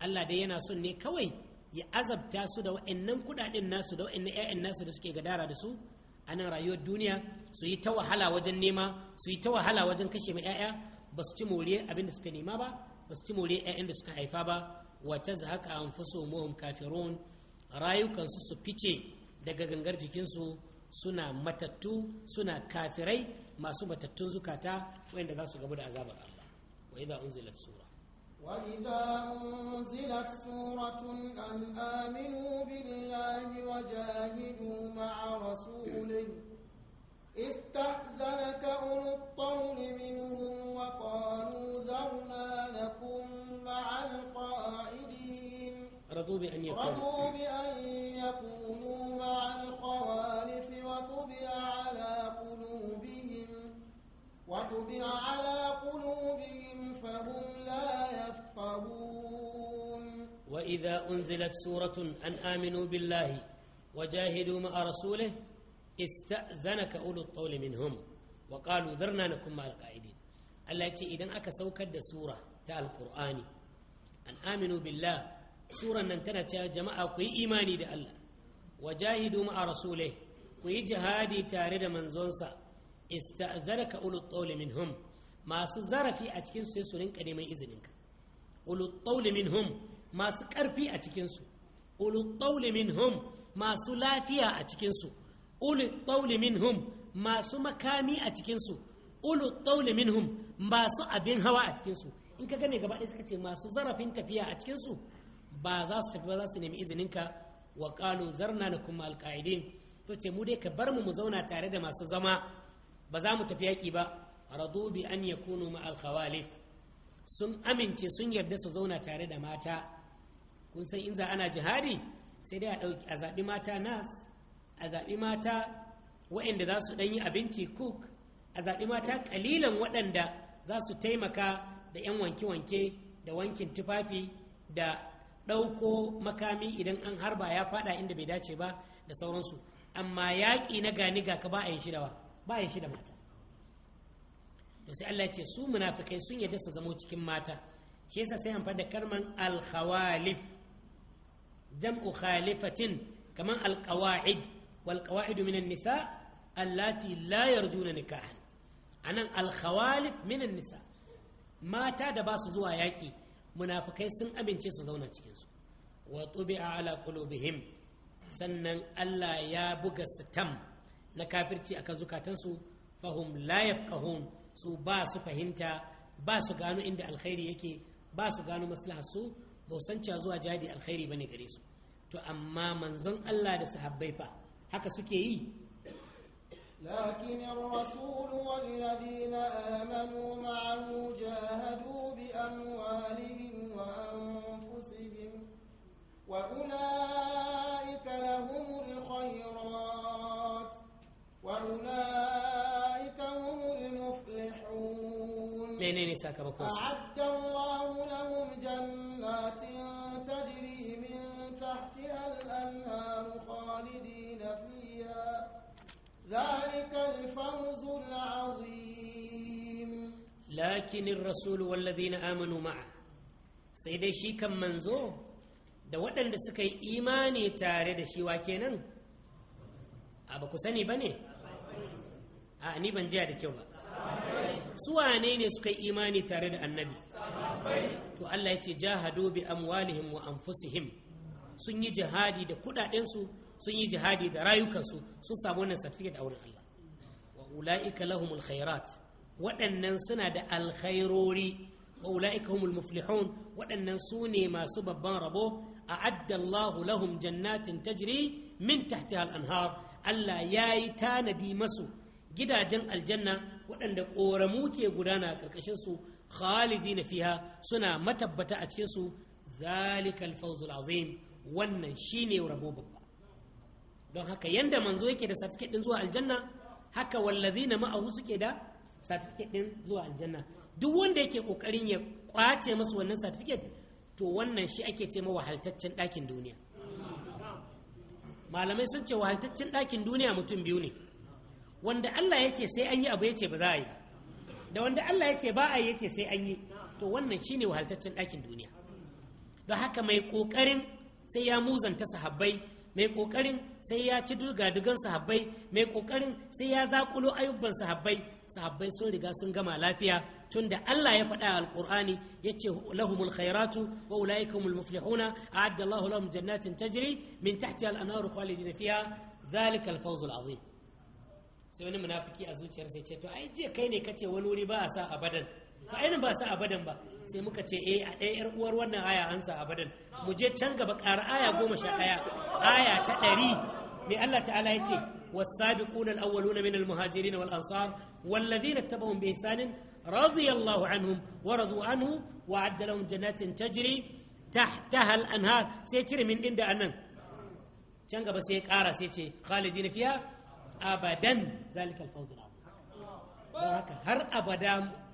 Allah dai yana son ne kawai ya azabta su da wa'annan kuɗaɗen nasu da wa'annan ƴaƴan nasu da suke gadara da su a nan rayuwar duniya su yi ta wahala wajen nema su yi ta wahala wajen kashe ma 'ya'ya ba su ci more abin da suka nema ba ba su ci more 'ya'yan da suka haifa ba wa tazhaka anfusuhum kafirun rayukansu su fice daga gangar jikinsu suna matattu suna kafirai masu matattun zukata wanda za su gabu da azabar Allah wa idza unzilat sura wa idza unzilat suratun an aminu billahi wa jahidu ma'a rasulihi استأذنك أولو الطول منهم وقالوا ذرنا لكم مع القاعدين رضوا بأن يكونوا رضوا بأن يكونوا مع الخوالف وطبع على قلوبهم وطبع على قلوبهم فهم لا يفقهون وإذا أنزلت سورة أن آمنوا بالله وجاهدوا مع رسوله استأذنك أولو الطول منهم وقالوا ذرنا نكن مع القاعدين التي إذا أكا سوكد سورة تاع القرآن أن آمنوا بالله suran nan tana cewa jama'a ku yi imani da Allah wa jahidu ma'a rasulai ku yi jihadi tare da manzonsa ista'zaraka ulul qawli minhum masu zarafi a cikin su sai su rinka neman izininka ulul qawli minhum masu karfi a cikin su ulul qawli minhum masu lafiya a cikin su ulul qawli minhum masu makami a cikin su ulul qawli minhum masu abin hawa a cikin su in ka gane gaba ɗaya suka ce masu zarafin tafiya a cikin su ba za su tafi ba za su nemi izininka wa qalu zarna na kuma alƙa'idin? to ce mu dai ka bar mu mu zauna tare da masu zama ba za mu tafi yaki ba radu bi an kunu ma al sun amince sun yarda su zauna tare da mata kun san in za ana jihadi sai dai a ɗauki a zabi mata nas a zaɓi mata waɗanda za su ɗanyi abinci cook a zaɓi mata ƙalilan waɗanda za su taimaka da 'yan wanke-wanke da wankin tufafi da ɗauko makami idan an harba ya faɗa inda bai dace ba da sauransu amma yaƙi na gani ga ka ba a yin shi ba a yin shi mata to sai Allah ce su munafikai sun yadda su zamo cikin mata shi yasa sai an da karman al-khawalif jam'u khalifatin kaman al-qawaid wal qawaid min nisa allati la yarjuna nikahan anan al-khawalif min nisa mata da ba su zuwa yaƙi Munafukai sun amince su zauna cikinsu wa tubi'a ala qulubihim sannan Allah ya buga sitam na kafirci akan zukatansu fahum la yafqahun su ba su fahimta ba su gano inda alkhairi yake ba su gano maslahar su ba san cewa zuwa jihadi alkhairi bane gare su to amma manzon Allah da sahabbai fa haka suke yi لكن الرسول والذين آمنوا معه جاهدوا بأموالهم وأنفسهم وأولئك لهم الخيرات وأولئك هم المفلحون أعد الله لهم جنات تجري من تحتها الأنهار خالدين فيها ذلك الفوز العظيم لكن الرسول والذين آمنوا معه سيدي شي كم منزو da waɗanda suka yi imani tare da shi kenan a ba ku sani ba ne a ni ban jiya da kyau ba su wane ne suka yi imani tare da annabi to Allah ya ce jahadu bi amwalihim wa anfusihim sun yi jihadi da kudadensu sun yi jihadi da rayukansu sun samu wannan certificate a wurin Allah wa ula'ika lahumul khairat waɗannan suna da alkhairori wa ula'ika humul muflihun waɗannan su ne masu babban rabo a addallahu lahum jannatin tajri min tahtiha al-anhar Allah yayi tanadi masu gidajen aljanna waɗanda ƙoramu ke gudana a ƙarƙashin su khalidina fiha suna matabbata a cikin su zalikal fawzul azim wannan shine rabo babba don haka yanda manzo yake da certificate din zuwa aljanna haka wallazi na ma'ahu suke da certificate din zuwa aljanna duk wanda yake kokarin ya kwace masu wannan certificate to wannan shi ake ce ma wahaltaccen ɗakin duniya malamai sun ce wahaltaccen ɗakin duniya mutum biyu ne wanda Allah ya ce sai an yi abu ya ce ba za a yi da wanda Allah ya ce ba a yi ya ce sai an yi to wannan shi ne wahaltaccen ɗakin duniya don haka mai ƙoƙarin sai ya muzanta sahabbai mai kokarin sai ya ci dugadugan sahabbai mai kokarin sai ya zakulo ayyuban sahabbai sahabbai sun riga sun gama lafiya tunda Allah ya faɗa alqur'ani yace lahumul khairatu wa ulaikumul muflihuna a'adda Allahu lahum jannatin tajri min tahti al-anharu khalidina fiha dhalika al-fawz azim sai wani munafiki a zuciyarsa ya ce to ai je kai ne kace wani wuri ba a sa abadan ba ainihin ba sa abadan ba sai muka ce eh a ɗaya 'yar uwar wannan aya an sa abadan mu je can gaba ƙara aya goma sha ɗaya aya ta ɗari mai Allah ta'ala ya ce والسابقون الأولون من المهاجرين والأنصار والذين اتبعهم بإحسان رضي الله عنهم ورضوا عنه وأعد لهم جنات تجري تحتها الأنهار سيتري من عند أنن كان قبل سيك آرى سيتي خالدين فيها أبدا ذلك الفوز العظيم هر أبدا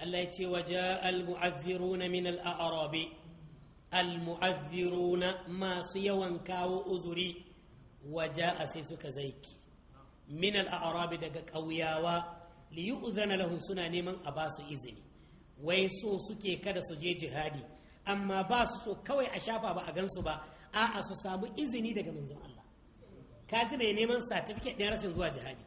Allah ya ce waje almu'azziruna min al'arabi almu'azziruna masu yawan kawo uzuri waje a sai suka zaiki minal al'arabi daga ƙauyawa li uzana lahum suna neman a ba su izini wai so suke kada su je jihadi amma ba su so kawai a shafa ba a gansu ba a'a su samu izini daga manzon Allah ka ji mai neman satifiket ɗin rashin zuwa jihadi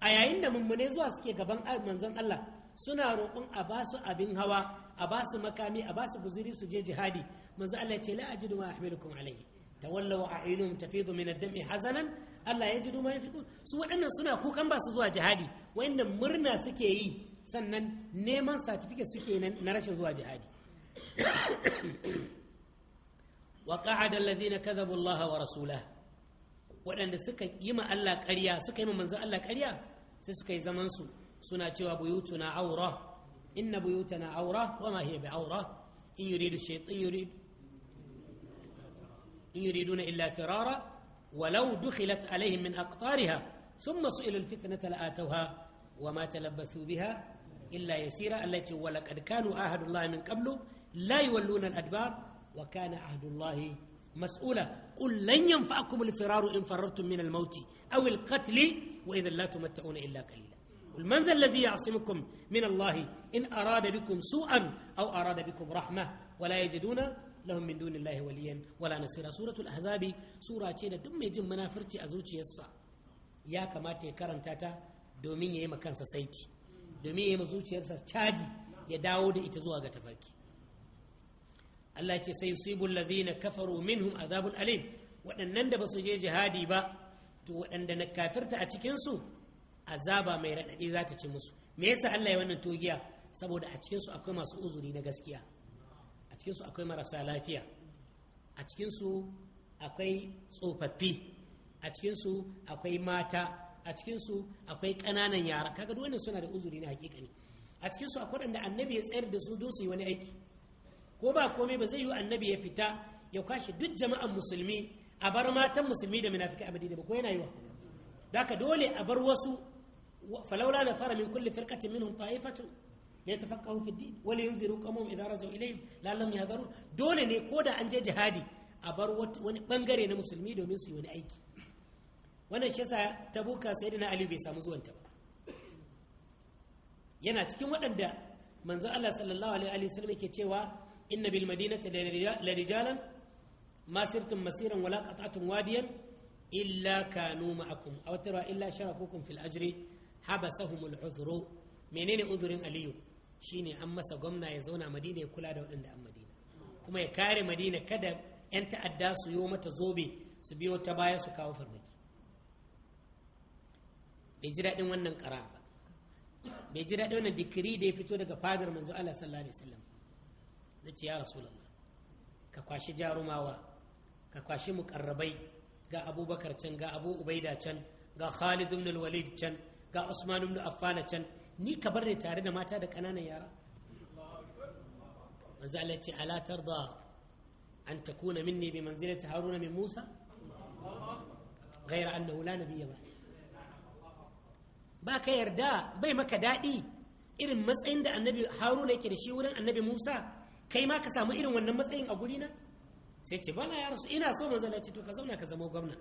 a yayin da mummune zuwa suke gaban manzon Allah suna roƙon a ba su abin hawa a ba su makami a ba su guziri su je jihadi manzo Allah ya ce la ajidu ma ahmilukum alayhi tawallaw a'yunuhum tafidu min ad-dam'i hazanan Allah ya jidu ma yafiqun su waɗannan suna kukan ba su zuwa jihadi wanda murna suke yi sannan neman certificate suke na rashin zuwa jihadi <coughs> wa qa'ada alladhina kadhabu Allah wa rasulahu waɗanda suka yi ma Allah ƙarya suka yi ma manzo Allah ƙarya sai suka yi zaman su suna cewa buyutuna aura inna buyutana aura wa ma hiya bi aura in yuridu shaytan yurid in yuriduna illa firara ولو دخلت عليهم من أقطارها ثم سئلوا الفتنة لآتوها وما تلبثوا بها إلا يسيرا التي ولقد كانوا عهد الله من قبل لا يولون الأدبار وكان عهد الله مسؤولا قل لن ينفعكم الفرار إن فررتم من الموت أو القتل وإذا لا تمتعون إلا قليلا قل من ذا الذي يعصمكم من الله إن أراد بكم سوءا أو rahma wala رحمة ولا يجدون lahum min dunillahi waliyan wala nasira suratul ahzabi sura ce da duk mai jin munafurci a zuciyarsa ya kamata ya karanta ta domin ya yi ma kansa saiti domin ya yi ma zuciyarsa caji ya dawo da ita zuwa ga tafarki Allah ce sai yusibu alladhina kafaru minhum azabun alim waɗannan da basu je jihadi ba to waɗanda na kafirta a cikin su azaba mai raɗaɗi za ta ci musu me yasa Allah ya wannan togiya saboda a cikinsu akwai masu uzuri na gaskiya a cikinsu akwai marasa lafiya a cikinsu akwai tsofaffi a cikinsu akwai mata a cikinsu akwai ƙananan yara kaga duk suna da uzuri na hakikani a cikinsu akwai wanda annabi ya tsayar da su don su yi wani aiki ko ba komai ba zai yi annabi ya fita ya kwashe duk jama'an musulmi a bar matan musulmi da munafikai abadi da ba ko yana yi wa daka dole a bar wasu فلولا نفر من كل فرقة منهم طائفة ليتفقهوا في الدين ولينذروا قومهم إذا رجعوا إليهم لعلهم يهذرون دول ne ko da an je jihadi a bar wani bangare na musulmi domin su yi wani aiki wannan shi yasa tabuka sayyidina ali bai samu zuwan ta ba yana cikin waɗanda manzo Allah sallallahu alaihi wasallam yake cewa inna bil madinati la rijalan ma sirtum masiran wala qata'tum wadiyan illa kanu ma'akum aw tara illa sharakukum fil ajri habasahumul uzru menene uzurin aliyu shine an masa gwamna ya zauna madina ya kula da waɗanda an madina kuma ya kare madina kada 'yan ta'adda su yo mata zobe su biyo ta baya su kawo farmaki bai ji daɗin wannan ƙaran ba bai ji daɗin wannan dikiri da ya fito daga fadar manzo Allah sallallahu alaihi wasallam da ya rasulullah ka kwashi jarumawa ka kwashi muƙarrabai ga abubakar can ga abu ubaida can ga khalid ibn walid can ga Usman ibn Affan can ni ka bar ni tare da mata da ƙananan yara manzo Allah ce ala tarda an takuna minni bi manzilati haruna min musa ghayra annahu la nabiyya ba ba ka yarda bai maka daɗi irin matsayin da annabi haruna yake da shi wurin annabi musa kai ma ka samu irin wannan matsayin a gurina sai ce bana ya rasu ina so manzo Allah ce to ka zauna ka zama gwamna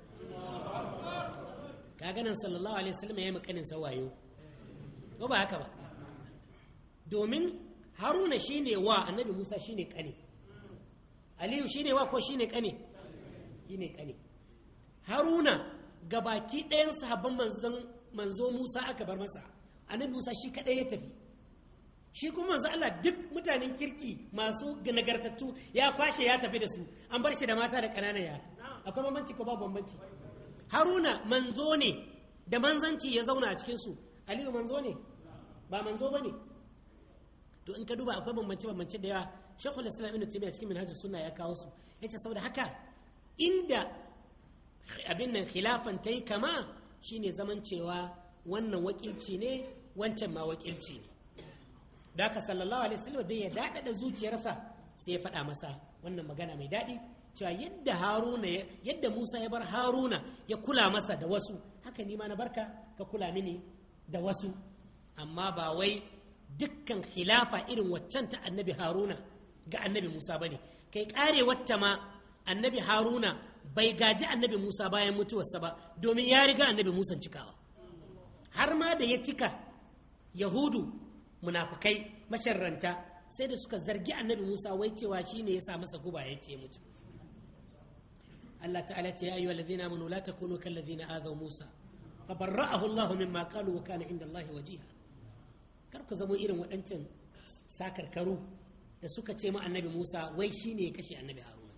kaga nan sallallahu alaihi wasallam ya yi makanin sawayo ko ba haka ba domin haruna shine wa annabi musa shine kane aliyu shine wa ko shine kane shine kane haruna ga baki ɗayan sahabban manzon manzo musa aka bar masa annabi musa shi kadai ya tafi shi kuma manzo Allah duk mutanen kirki masu nagartattu ya kwashe ya tafi da su an bar shi da mata da ƙananan yara akwai bambanci ko babu bambanci haruna manzo ne da manzanci ya zauna a cikinsu aliyu manzo ne ba manzo ba ne to in ka duba akwai bambance bambance da yawa shekul islam ibn a cikin manhajus sunna ya kawo su yace saboda haka inda abin nan khilafan tai kama shine zaman cewa wannan wakilci ne wancan ma wakilci ne da haka sallallahu alaihi wasallam dai ya dadada zuciyarsa sai ya faɗa masa wannan magana mai daɗi cewa yadda haruna yadda musa ya bar haruna ya kula masa da wasu haka nima na barka ka kula mini da wasu amma ba wai dukkan khilafa irin waccan ta annabi haruna ga annabi musa ba ne. kai kare wata ma annabi haruna bai gaji annabi musa bayan mutuwarsa ba domin ya riga annabi musa cikawa har ma da ya cika yahudu munafukai masharranta sai da suka zargi annabi musa wai cewa shi ne ya sa masa guba ya ce mutu Allah ta'ala ta ya ayyuhal ladina amanu la takunu kal ladina agaw Musa fa barra'ahu Allah mimma qalu wa kana inda Allah wajiha kar ku zama irin waɗancan sakarkaru da suka ce ma annabi Musa wai shine ya kashe annabi Haruna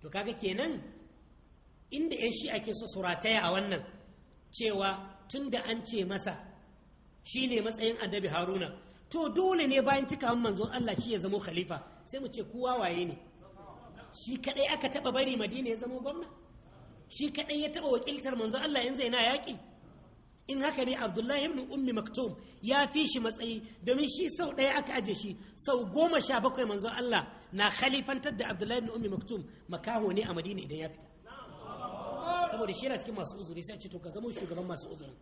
to kaga kenan inda yan shi'a ke so su rataya a wannan cewa tunda an ce masa shine matsayin annabi Haruna to dole ne bayan cika manzon Allah shi ya zama khalifa sai mu ce kowa waye ne shi kadai aka taba bari madina ya zama gwamna shi kadai ya taba wakiltar manzo Allah yanzu yana yaki in haka ne abdullahi ibn ummi maktum ya fi shi matsayi domin shi sau ɗaya aka aje shi sau goma sha bakwai manzo Allah na khalifantar da abdullahi ibn ummi maktum makaho ne a madina idan ya fita saboda shi yana cikin masu uzuri sai ce to ka zama shugaban masu uzuri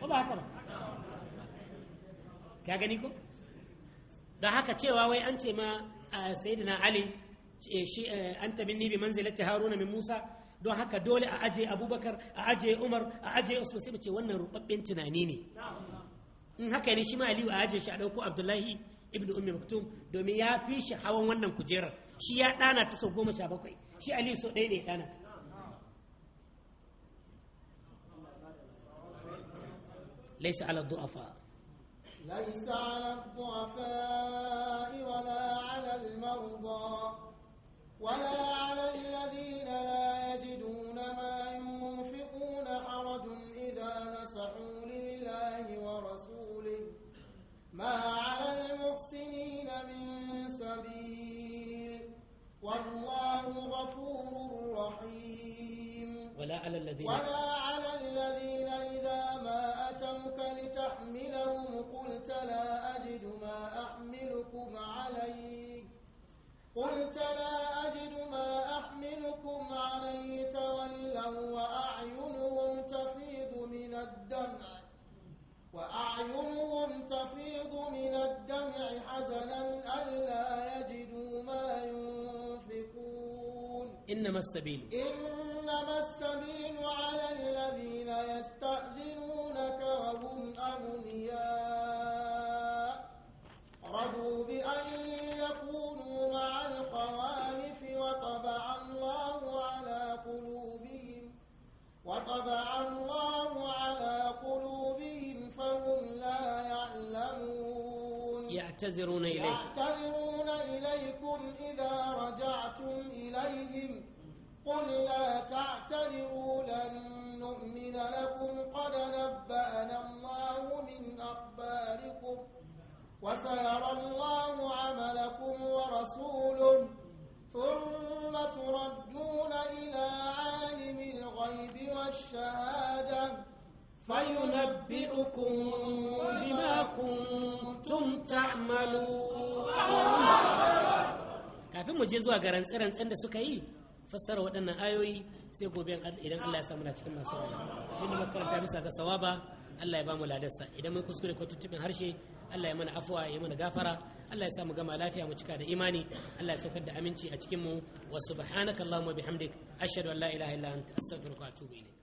ko ba haka ba ka gani ko Da haka cewa wai an ce ma eh, sayyidina ali Eh, shi eh, an tabinni bi manzilati haruna min musa don haka dole a aje abubakar a aje umar a aje usman sai ce wannan rubabben tunani ne in haka ne shi ma aliyu a aje shi a dauko abdullahi ibnu ummi maktum domin ya fi shi hawan wannan kujerar shi ya dana ta sau goma sha bakwai shi aliyu sau ɗaya ne ya dana ta ليس على الضعفاء ليس على الضعفاء ولا على المرضى ولا على الذين لا يجدون ما ينفقون حرج إذا نصحوا لله ورسوله ما على المحسنين من سبيل والله غفور رحيم ولا على الذين ولا على الذين إذا ما أتوك لتحملهم قلت لا أجد ما أحملكم عليه قلت لا أجد ما أحملكم عليه تولوا وأعينهم تفيض من الدمع وأعينهم تفيض من الدمع حزنا ألا يجدوا ما ينفقون إنما السبيل إن يعتذرون إليكم يعتذرون إليكم إذا رجعتم إليهم قل لا تعتذروا لن نؤمن لكم قد نبأنا الله من أخباركم وسيرى الله عملكم ورسوله ثم تردون إلى عالم الغيب والشهادة فينبئكم بما كنتم تعملون kafin mu je zuwa ga rantsi da suka yi fassara waɗannan ayoyi sai gobe idan Allah ya samu na cikin masu wani inda makaranta bisa ga sawaba Allah ya ba mu ladarsa idan mun kuskure ko tuttuɓin harshe Allah ya mana afuwa ya mana gafara Allah ya samu gama lafiya mu cika da imani Allah ya saukar da aminci a cikin mu wa subhanakallahumma bihamdik ashhadu an la ilaha illa anta astaghfiruka wa atubu